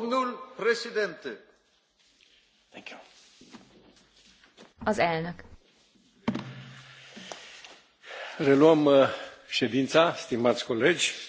Domnul președinte. Thank you. Az elnök. Reluăm uh, ședința, stimați colegi.